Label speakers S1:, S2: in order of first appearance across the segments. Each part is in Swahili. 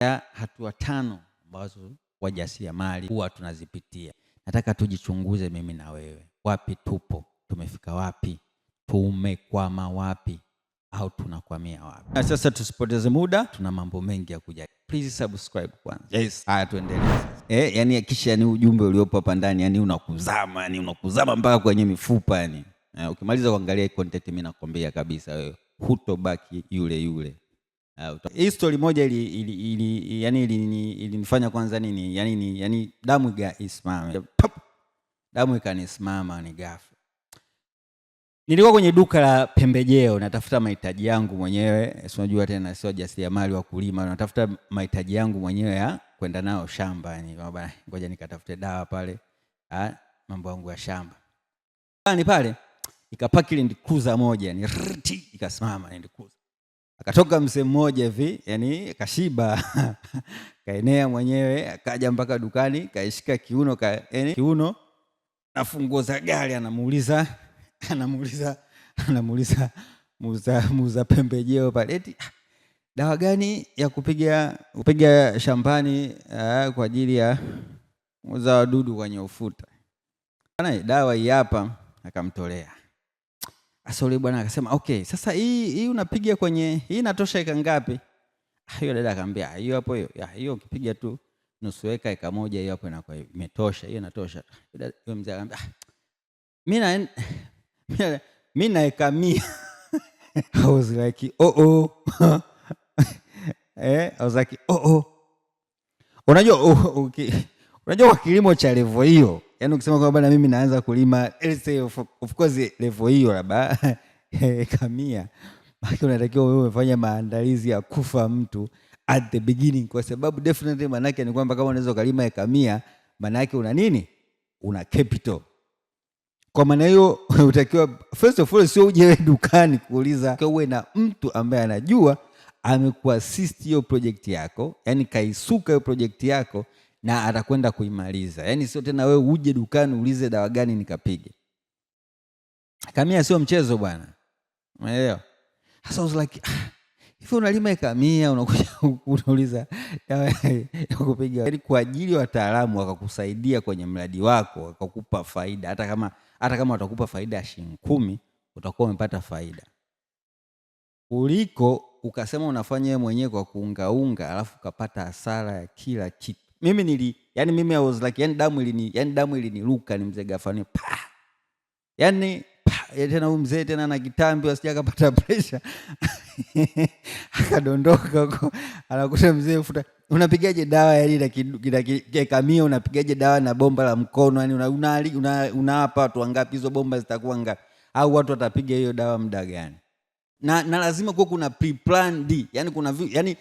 S1: ya hatua tano ambazo wajasiriamali huwa tunazipitia. Nataka tujichunguze mimi na wewe, wapi tupo, tumefika wapi, tumekwama wapi au tunakwamia wapi? Na sasa tusipoteze muda, tuna mambo mengi ya kuja. Please subscribe kwanza. Yes, haya tuendelee sasa. Eh, yani kisha ni ujumbe uliopo hapa ndani, yani unakuzama, yani unakuzama mpaka kwenye mifupa yani. Eh, ukimaliza kuangalia content mimi nakwambia kabisa wewe hutobaki yule yule. Eh, Hii story moja ili, ili, ili, ili, yani ilinifanya ili kwanza nini yani, ni, yani damu isimame, damu ikanisimama ni ghafla. Nilikuwa kwenye duka la pembejeo natafuta mahitaji yangu mwenyewe, si unajua tena, sio jasiriamali wa kulima, natafuta mahitaji yangu mwenyewe ya kwenda nao shamba, yani baba, ngoja nikatafute dawa pale, ah, mambo yangu ya shamba pale pale, ikapaki Land Cruiser moja ni rrti, ikasimama Land Cruiser Akatoka mzee mmoja hivi, yani kashiba kaenea mwenyewe, akaja mpaka dukani, kaishika kiuno ka, yani, kiuno na funguo za gari, anamuuliza anamuuliza anamuuliza muuza muuza pembejeo pale, eti ah, dawa gani ya kupiga kupiga shambani uh, kwa ajili ya za wadudu kwenye ufuta. Dawa hii hapa, akamtolea sasa yule bwana akasema okay, sasa hii hii unapiga kwenye hii inatosha eka ngapi? Hiyo ah, dada akamwambia ah, hiyo hapo hiyo. Ya hiyo ukipiga tu nusu eka eka moja hiyo hapo inakuwa imetosha, hiyo inatosha. Yule mzee akamwambia mimi ah, na mimi na eka 100. I was like oh oh. Eh, I was like oh oh. Unajua oh, okay. Unajua kwa kilimo cha level hiyo yani ukisema kwamba bwana, mimi naanza kulima of course level hiyo labda eh, kamia maki, unatakiwa wewe umefanya maandalizi ya kufa mtu at the beginning, kwa sababu definitely maanake ni kwamba kama unaweza ukalima eka mia, una nini? Una capital. Kwa maana hiyo utakiwa first of all, sio uje dukani kuuliza, uwe na mtu ambaye anajua amekuasisti hiyo project yako, yani kaisuka hiyo project yako na atakwenda kuimaliza. Yaani sio tena wewe uje dukani uulize dawa gani nikapige. Kamia sio mchezo bwana, umeelewa? Sasa was like hivi, unalima kamia unakuja unauliza dawa ya kupiga. Yaani kwa ajili wataalamu wakakusaidia kwenye mradi wako wakakupa faida, hata kama hata kama watakupa faida ya shilingi kumi utakuwa umepata faida kuliko ukasema unafanya wewe mwenyewe kwa kuungaunga, alafu ukapata hasara ya kila kitu mimi nili yani mimi I was like yani damu ilini yani damu iliniruka ni mzee Gafani pa yani pa tena huyu mzee tena na kitambi wasija akapata presha akadondoka huko, anakuta mzee futa, unapigaje dawa yani kamia, unapigaje dawa na bomba la mkono yani unaapa una, una watu wangapi hizo bomba zitakuwa ngapi, au watu watapiga hiyo dawa muda gani? Na, na lazima kuwa kuna pre-plan D yani kuna yani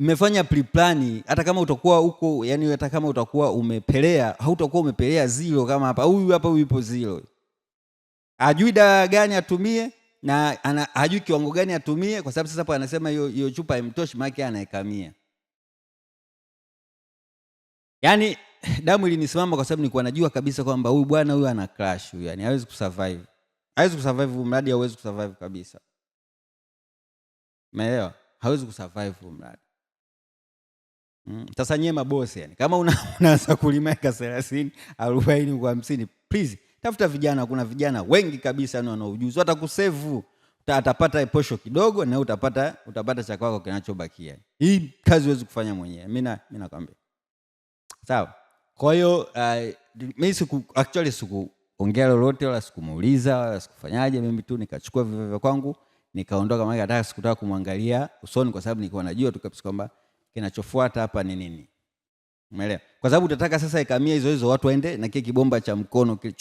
S1: mmefanya preplani, hata kama utakuwa huko yani, hata kama utakuwa umepelea, hautakuwa umepelea zero kama hapa. Huyu hapa huyu ipo zero, ajui dawa gani atumie na ana, ajui kiwango gani atumie, kwa sababu sasa hapo anasema hiyo hiyo chupa imtoshi maki anaekamia Yani damu ilinisimama kwa sababu nilikuwa najua kabisa kwamba huyu bwana huyu ana crash huyu, yani hawezi kusurvive, hawezi kusurvive mradi, hawezi kusurvive kabisa, umeelewa? Hawezi kusurvive mradi Mm. Sasa nyie mabosi yani, kama unaanza kulima eka thelathini arobaini kwa hamsini, please tafuta vijana. Kuna vijana wengi kabisa yani wana ujuzi, watakusevu atapata posho kidogo na utapata utapata cha kwako kinachobakia. Hii kazi huwezi kufanya mwenyewe, mimi nakwambia, sawa. Kwa hiyo mimi eh, siku actually sikuongea lolote wala sikumuuliza wala sikufanyaje, mimi tu nikachukua vivyo vya kwangu nikaondoka, maana hata sikutaka kumwangalia usoni, kwa sababu nilikuwa najua tu kabisa kwamba kinachofuata hapa ni nini? Umeelewa? Kwa sababu utataka sasa ikamia hizo hizo watu waende na kile kibomba cha mkono kile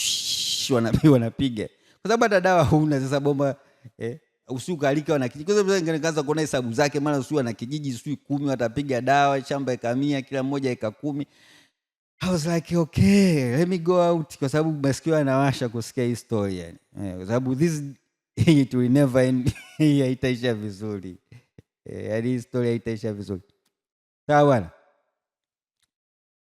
S1: wanapiga. Kwa sababu hata dawa huna sasa bomba eh, usiukalika wana kijiji. Kwa sababu nikaanza kuona hesabu zake, maana usiwe na kijiji sijui kumi watapiga dawa, shamba ikamia, kila mmoja eka kumi. I was like okay, let me go out kwa sababu masikio anawasha kusikia hii story yani. Eh, kwa sababu this it will never end. Haitaisha vizuri. Eh, hii story haitaisha vizuri. Sawa bwana,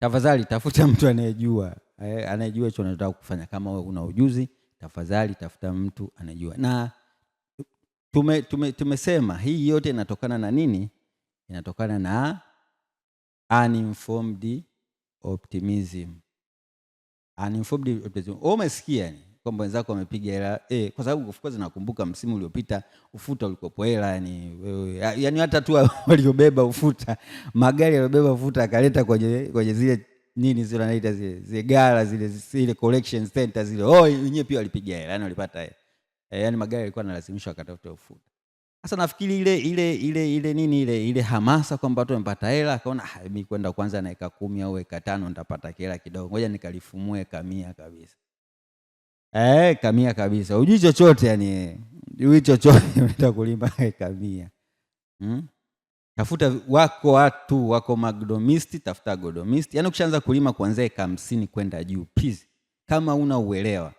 S1: tafadhali tafuta mtu anayejua, eh, anayejua hicho unataka kufanya. Kama wewe una ujuzi, tafadhali tafuta mtu anayejua. Na tume, tume, tumesema hii yote inatokana na nini? Inatokana na uninformed optimism. Uninformed optimism. Umesikia ni kwamba wenzako wamepiga hela eh, kwa sababu of course nakumbuka msimu uliopita ufuta ulikopo hela yani, yani hata tu waliobeba ufuta magari yaliyobeba ufuta akaleta kwenye kwenye zile nini zile wanaita zile zile gala zile zile collection center zile, oh yenyewe pia walipiga hela yani walipata eh, yani magari yalikuwa yanalazimishwa akatafuta ufuta. Sasa nafikiri ile ile ile ile nini ile ile hamasa kwamba watu wamepata hela, akaona ah, mimi kwenda kwanza naeka kumi au eka tano nitapata hela kidogo, ngoja nikalifumue kamia kabisa. Eh, kamia kabisa. ujui chochote yani. ujui chochote unaenda kulima kamia. Hmm? Tafuta wako watu wako magdomisti, tafuta godomisti. Yaani ukishaanza kulima kuanzia eka hamsini kwenda juu please. Kama una uelewa.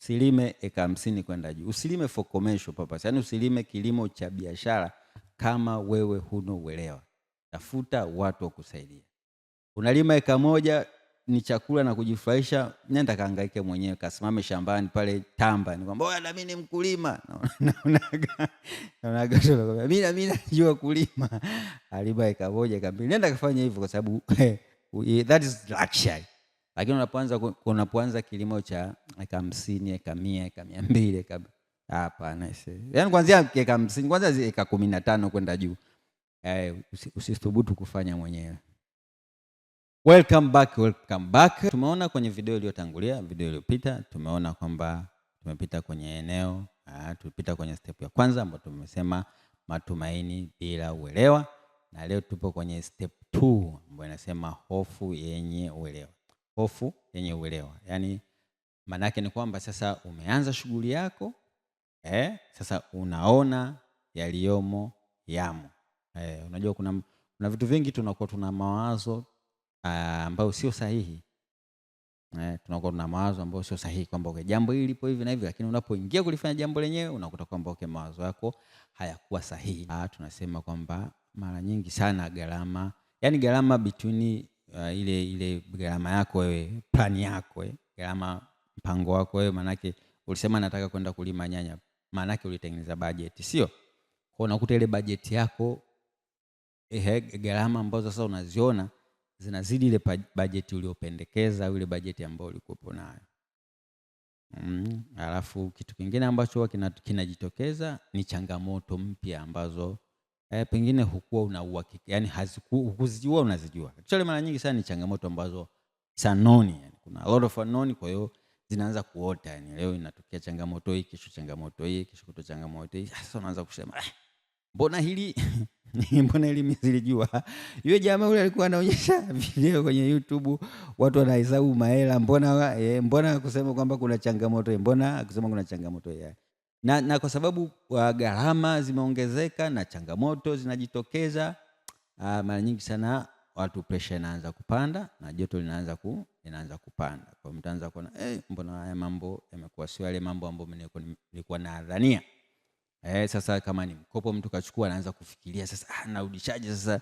S1: Usilime eka hamsini kwenda juu. Usilime for commercial purpose. Yaani usilime kilimo cha biashara kama wewe huna uelewa. Tafuta watu wa kusaidia. Unalima eka moja ni chakula na kujifurahisha, nenda kaangaike mwenyewe, kasimame shambani pale Tamba, ni ni mkulima, mimi najua kulima, aliba ikavoja kambili nenda kafanya hivyo, kwa sababu eh, eh, that is luxury. Lakini unapoanza kilimo cha eka hamsini, eka mia, eka mia mbili, eka hapana, yaani kuanzia eka hamsini, kwanza eka kumi na tano kwenda juu, eh, usithubutu kufanya mwenyewe. Welcome back, welcome back. Tumeona kwenye video iliyotangulia, video iliyopita, tumeona kwamba tumepita kwenye eneo, ah, tulipita kwenye step ya kwanza ambayo tumesema matumaini bila uelewa, na leo tupo kwenye step 2 ambayo inasema hofu yenye uelewa. Hofu yenye uelewa, yaani maana yake ni kwamba sasa umeanza shughuli yako eh, sasa unaona yaliyomo yamo. Eh, unajua kuna, kuna vitu vingi tunakuwa tuna mawazo Ah, ambayo sio sahihi eh, tunakuwa tuna mawazo ambayo sio sahihi kwamba okay, jambo hili lipo hivi na hivi, lakini unapoingia kulifanya jambo lenyewe unakuta kwamba okay, mawazo yako hayakuwa sahihi. Ah, tunasema kwamba mara nyingi sana gharama, yani gharama between uh, ile ile gharama yako wewe, plani yako eh, gharama mpango wako wewe, maanake ulisema nataka kwenda kulima nyanya, maanake ulitengeneza bajeti, sio kwa unakuta ile bajeti yako ehe, gharama ambazo sasa unaziona zinazidi ile bajeti uliopendekeza au ile bajeti ambayo ulikuwepo nayo. Mm, alafu kitu kingine ambacho kinajitokeza kina ni changamoto mpya ambazo eh, pengine hukuwa una uhakika yani hukuzijua unazijua. Actually mara nyingi sana ni changamoto ambazo sanoni yani, kuna a lot of unknown, kwa hiyo zinaanza kuota yani, leo inatokea changamoto hii, kesho changamoto hii, kesho kuto changamoto hii, sasa unaanza kusema eh, Mbona hili mbona hili mimi silijua. Yule jamaa yule alikuwa anaonyesha video kwenye YouTube, watu wanahesabu mahela. Mbona e, mbona kusema kwamba kuna changamoto, mbona kusema kuna changamoto ya na, na kwa sababu gharama zimeongezeka na changamoto zinajitokeza mara nyingi sana, watu pressure inaanza kupanda na joto linaanza ku inaanza kupanda. Kwa mtaanza kuona eh, mbona haya mambo yamekuwa sio yale mambo ambayo nilikuwa nadhania. na Eh, sasa kama ni mkopo mtu kachukua anaanza kufikiria sasa ah, narudishaje sasa?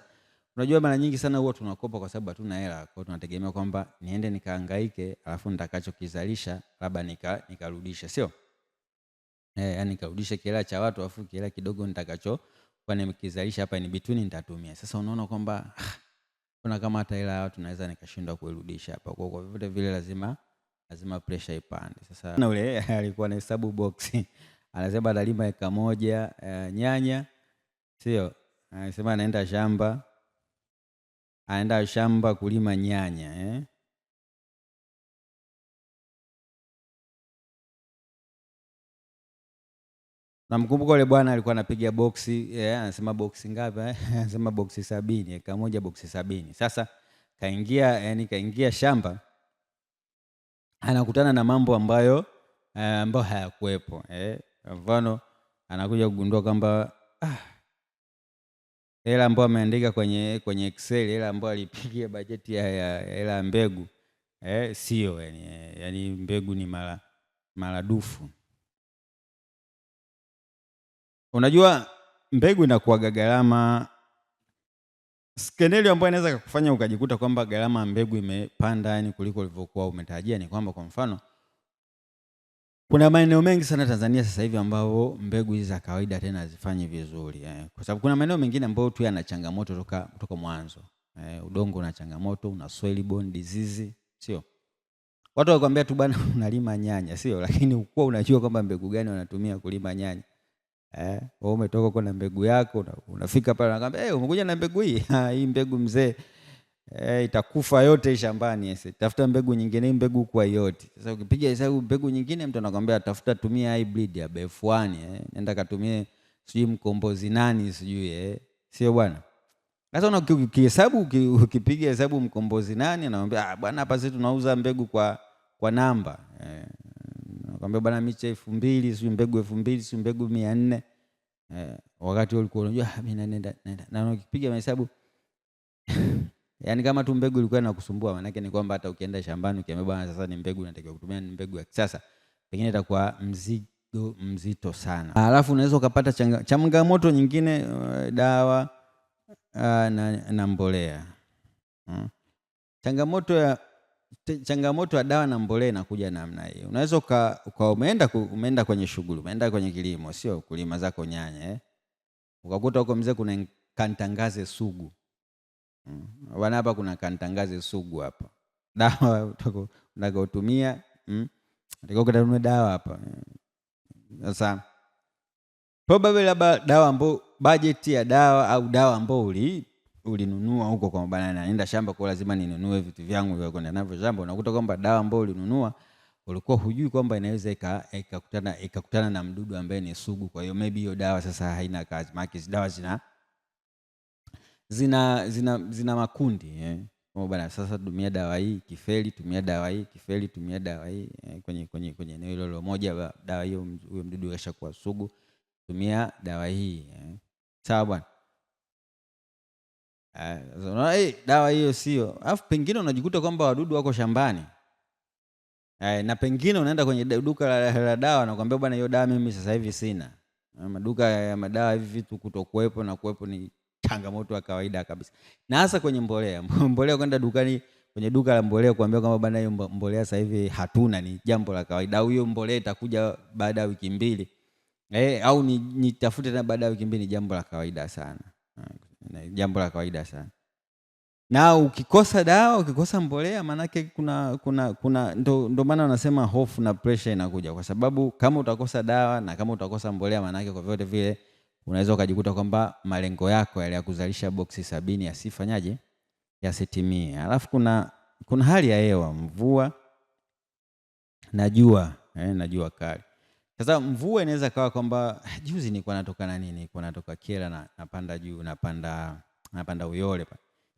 S1: Unajua mara nyingi sana huwa tunakopa kwa sababu hatuna hela, kwa tunategemea kwamba niende nikahangaike alafu nitakachokizalisha labda nika nikarudisha, sio? Eh, yani nikarudisha kile cha watu alafu kile kidogo nitakacho kwa nimekizalisha hapa ni between nitatumia. Sasa unaona kwamba ah, kuna kama hata hela ya watu naweza nikashindwa kuirudisha hapa. Kwa kwa vile vile lazima lazima pressure ipande. Sasa na ule alikuwa na hesabu boxi anasema analima eka moja uh, nyanya sio, anasema anaenda shamba, anaenda shamba kulima nyanya eh? Namkumbuka ule bwana alikuwa anapiga boksi yeah, anasema boksi ngapi? Eh? anasema boksi sabini, eka moja boksi sabini. Sasa kaingia yani, eh, kaingia shamba anakutana na mambo ambayo ambayo hayakuwepo eh. Kwa mfano anakuja kugundua kwamba ah, hela ambayo ameandika kwenye kwenye Excel, hela ambayo alipigia bajeti ya hela ya mbegu eh, sio yani, yani mbegu ni mara maradufu. Unajua mbegu inakuwaga gharama skenario ambayo inaweza kukufanya ukajikuta kwamba gharama ya mbegu imepanda yani kuliko ulivyokuwa umetarajia. Ni kwamba kwa mfano kuna maeneo mengi sana Tanzania sasa hivi ambao mbegu hizi za kawaida tena hazifanyi vizuri eh. Kwa sababu kuna maeneo mengine ambayo tu yana changamoto toka, toka mwanzo eh, udongo una changamoto, una soil borne disease, sio? Watu wakwambia tu bwana unalima nyanya, sio? Lakini ukuwa unajua kwamba mbegu gani wanatumia kulima nyanya. Eh, wewe umetoka kwa na mbegu yako, unafika pale unakwambia, "Eh, hey, umekuja na mbegu hii? hii mbegu mzee." eh, itakufa yote shambani. ese. tafuta mbegu nyingine, mbegu kwa yote. Sasa ukipiga hesabu mbegu nyingine, mtu anakwambia tafuta, tumia hybrid ya BF1 eh, nenda katumie sijui mkombozi nani sijui eh, sio bwana. Sasa una ukihesabu, ukipiga hesabu mkombozi nani, anaambia ah, bwana hapa sisi tunauza mbegu kwa kwa namba eh, nakwambia bwana, miche 2000 sijui mbegu 2000 sijui mbegu 400. eh, wakati ulikuwa unajua ah, mimi naenda naenda. na ukipiga mahesabu Yaani kama tu mbegu ilikuwa inakusumbua, maana yake ni kwamba hata ukienda shambani ukiambia bwana, sasa ni mbegu natakiwa kutumia, ni mbegu ya kisasa, pengine itakuwa mzigo mzito sana. Ah, alafu unaweza ukapata changamoto nyingine, eh, dawa ah, na, na mbolea hmm. Changamoto ya changamoto ya dawa na mbolea inakuja namna hii. Unaweza uka, uka umeenda, ku, umeenda kwenye shughuli, umeenda kwenye kilimo, sio kulima zako nyanya eh. Ukakuta huko mzee kuna kantangaze sugu Mm. Bwana, hapa kuna kantangaze sugu hapa, dawa utakaotumia mm. utakaotumia dawa hapa. Sasa probably labda dawa ambao bajeti ya dawa au dawa ambao uli ulinunua huko kwa bana, naenda shamba kwa lazima ninunue vitu vyangu vya kwenda navyo shamba, unakuta kwamba dawa ambayo ulinunua ulikuwa hujui kwamba inaweza ikakutana ikakutana na mdudu ambaye ni sugu. Kwa hiyo maybe hiyo dawa sasa haina kazi, maana dawa zina zina, zina, zina makundi eh. Oh, bana sasa tumia dawa hii kifeli tumia dawa hii kifeli tumia dawa hii eh, kwenye kwenye kwenye eneo hilo hilo moja, dawa hiyo, huyo mdudu kashakuwa sugu, tumia dawa hii eh. Sawa bwana Uh, no, hey, dawa hiyo sio, alafu pengine unajikuta kwamba wadudu wako shambani uh, na pengine unaenda kwenye duka la, la dawa nakwambia bwana, hiyo dawa mimi sasa hivi sina. Eh, maduka ya madawa hivi vitu kutokuwepo na kuwepo ni changamoto ya kawaida kabisa, na hasa kwenye mbolea. Mbolea kwenda dukani kwenye duka la mbolea kuambia kwamba bana, hiyo mbolea sasa hivi hatuna, ni jambo la kawaida, au hiyo mbolea itakuja baada ya wiki mbili eh, au nitafute ni tena baada ya wiki mbili, ni jambo la kawaida sana, Na jambo la kawaida sana. Na ukikosa dawa, ukikosa mbolea, maanake kuna kuna kuna ndo, ndo maana wanasema hofu na pressure inakuja, kwa sababu kama utakosa dawa na kama utakosa mbolea, maanake kwa vyote vile unaweza ukajikuta kwamba malengo yako yale ya kuzalisha boksi sabini yasifanyaje, yasitimie. Alafu kuna, kuna hali ya hewa, mvua na jua eh, na jua kali. Sasa mvua inaweza kawa kwamba juzi nilikuwa natoka na nini, nilikuwa natoka Kyela na napanda juu napanda napanda Uyole pa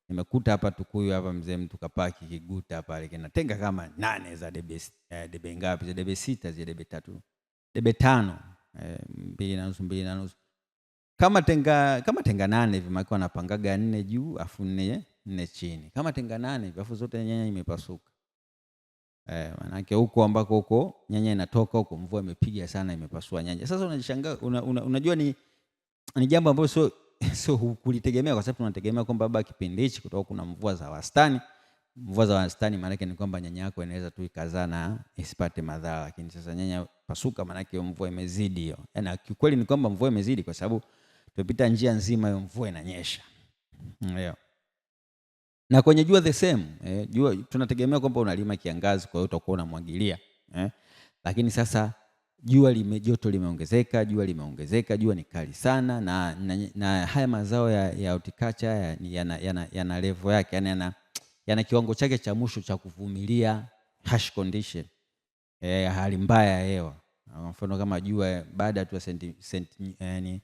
S1: nimekuta hapa Tukuyu hapa mzee mtu kapaki kiguta pale kinatenga kama nane za debe, eh, debe ngapi za debe sita zile debe tatu debe tano eh, mbili na nusu mbili na nusu kama tenga kama tenga nane hivi makiwa anapangaga nne juu afu nne nne chini kama tenga nane hivi afu zote nyanya imepasuka eh, manake huko ambako huko nyanya inatoka huko mvua imepiga sana imepasua nyanya sasa unajishangaa una, una, unajua ni ni jambo ambalo sio so kulitegemea kwa sababu tunategemea kwamba baba kipindi hichi kutoka kuna mvua za wastani mvua za wastani maanake ni kwamba nyanya yako inaweza tu ikazaa na isipate madhara lakini sasa nyanya pasuka maanake mvua imezidi hiyo na yaani, kiukweli ni kwamba mvua imezidi kwa sababu Tumepita njia nzima hiyo, mvua inanyesha. Yeah. Na kwenye jua the same eh, jua tunategemea kwamba unalima kiangazi, kwa hiyo utakuwa unamwagilia eh. Lakini sasa jua lime joto limeongezeka, jua limeongezeka, jua ni kali sana na, na, na haya mazao ya, ya utikacha horticulture ya, yana, ya, yana level yake yani yana, ya kiwango chake cha mwisho cha kuvumilia harsh condition eh, hali mbaya ya hewa, kwa mfano kama jua baada tu ya senti, senti, yani, eh,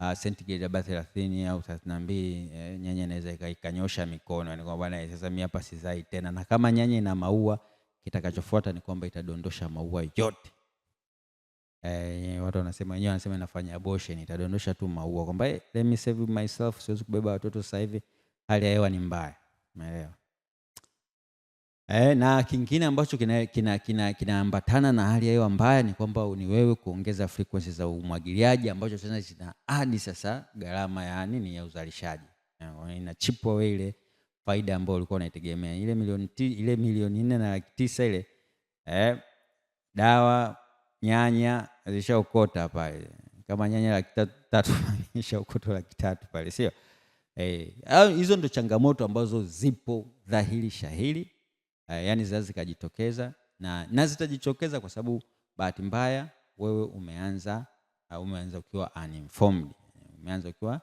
S1: uh, sentigredi labda thelathini au thelathini na mbili eh, nyanya inaweza ikanyosha mikono yani kwamba bwana sasa mimi hapa sizai tena, na kama nyanya ina maua kitakachofuata ni kwamba itadondosha maua yote. Eh, watu wanasema wenyewe wanasema inafanya abortion, itadondosha tu maua kwamba hey, eh, let me save myself, siwezi kubeba watoto sasa hivi, hali ya hewa ni mbaya, umeelewa? Eh, na kingine ambacho kinaambatana kina, kina, kina na hali ya hewa mbaya ni kwamba ni wewe kuongeza frequency za umwagiliaji ambacho sasa zina hadi sasa gharama ya yaani nini ya uzalishaji eh, inachipwa wewe ile faida ambayo ulikuwa unaitegemea ile milioni ile milioni nne na laki tisa ile eh, dawa nyanya zishaokota pale, kama nyanya laki tatu ishaokota laki tatu pale, sio eh? Hizo ndo changamoto ambazo zipo dhahiri shahiri Eh, yani zinaweza zikajitokeza na na zitajitokeza kwa sababu bahati mbaya wewe umeanza umeanza ukiwa uninformed, umeanza ukiwa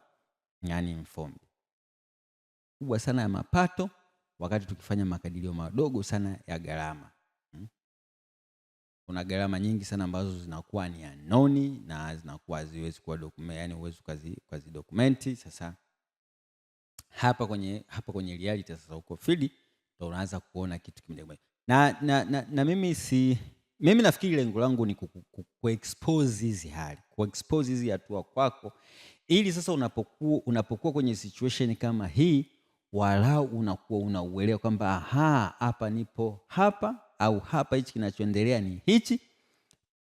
S1: uninformed. Kubwa sana ya mapato wakati tukifanya makadirio madogo sana ya gharama hmm? kuna gharama nyingi sana ambazo zinakuwa ni anoni na zinakuwa ziwezi kuwa document, yani uwezi document Sasa hapa kwenye, hapa kwenye reality sasa uko field ndo unaanza kuona kitu kimoja na, na, na, na mimi si mimi nafikiri lengo langu ni kuexpose hizi hali kuexpose hizi hatua kwako, ili sasa unapokuwa unapokuwa kwenye situation kama hii, walau unakuwa unauelewa kwamba aha, hapa nipo hapa, au hapa hichi kinachoendelea ni hichi,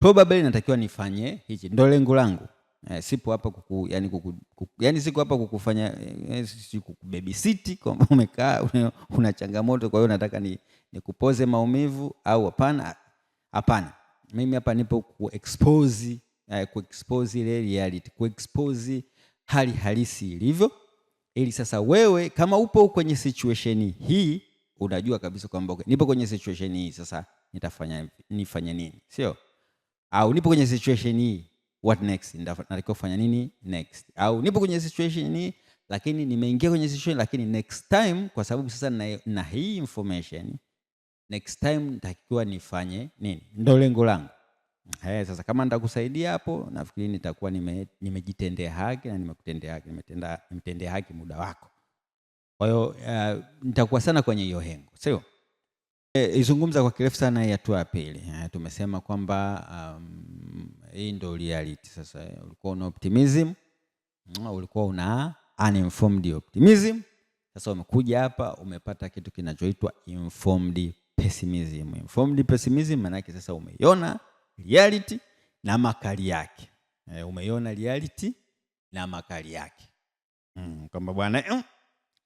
S1: probably natakiwa nifanye hichi. Ndio lengo langu. Eh, sipo hapa kuku, yani, kuku, kuku, yani siko hapa kukufanya eh, eh kukubebisiti kwamba umekaa una changamoto, kwa hiyo nataka ni nikupoze maumivu au hapana. Hapana, mimi hapa nipo kuexpose eh, kuexpose ile reality, kuexpose hali halisi ilivyo, ili sasa wewe kama upo kwenye situation hii unajua kabisa kwamba nipo kwenye situation hii sasa nitafanya nifanye nini, sio au nipo kwenye situation hii what next, natakiwa kufanya nini next, au nipo kwenye situation ni lakini nimeingia kwenye situation, lakini next time, kwa sababu sasa na, na hii information next time nitakiwa nifanye nini, ndio lengo langu. He, sasa kama nitakusaidia hapo, nafikiri nitakuwa nimejitendea nime haki na nimekutendea haki, nimetendea haki muda wako. Kwa hiyo uh, nitakuwa sana kwenye hiyo hengo, sio e, izungumza kwa kirefu sana hii hatua ya pili. e, Tumesema kwamba um, hii ndio reality sasa. Ulikuwa una optimism, mm, ulikuwa una uninformed optimism. Sasa umekuja hapa umepata kitu kinachoitwa informed pessimism. Informed pessimism maana sasa umeiona reality na makali yake. Eh, umeiona reality na makali yake. Mm, kwamba bwana mm,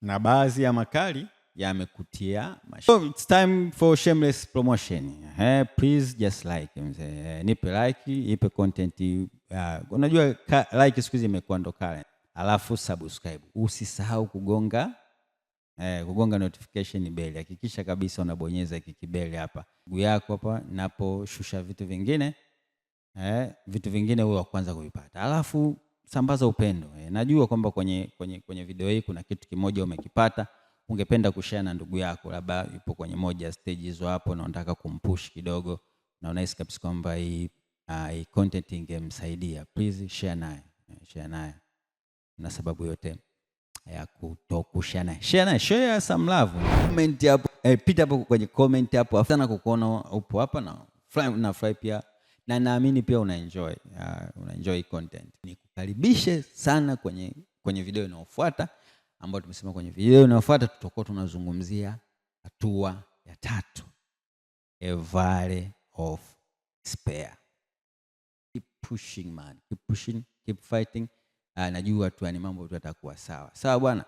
S1: na baadhi ya makali yamekutia mash. So it's time for shameless promotion. Eh, please just like mzee. Eh, nipe like, ipe content. Uh, unajua like siku hizi imekuwa ndo kale. Alafu subscribe. Usisahau kugonga eh, kugonga notification bell. Hakikisha kabisa unabonyeza hiki kibele hapa. Mguu yako hapa naposhusha vitu vingine. Eh, vitu vingine wewe wa kwanza kuvipata. Alafu sambaza upendo. Eh, najua kwamba kwenye kwenye kwenye video hii kuna kitu kimoja umekipata ungependa kushare na ndugu yako, labda yupo kwenye moja stage hizo hapo, na unataka kumpush kidogo na unahisi kabisa kwamba hii uh, content ingemsaidia, please share naye, share naye na sababu yote ya kutokushare naye, share naye, share some love, comment hapo eh, pita hapo kwenye comment hapo, afadhali na kukuona upo hapa na fly na fly pia na naamini pia una enjoy uh, ah, una enjoy content. Nikukaribishe sana kwenye kwenye video inayofuata ambayo tumesema kwenye video inayofuata, tutakuwa tunazungumzia hatua ya tatu, a valley of spare Keep pushing man, keep pushing, keep fighting. Uh, najua tu ni yaani mambo tu yatakuwa sawa sawa bwana.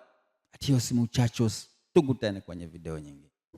S1: Adios muchachos, tukutane kwenye video nyingine.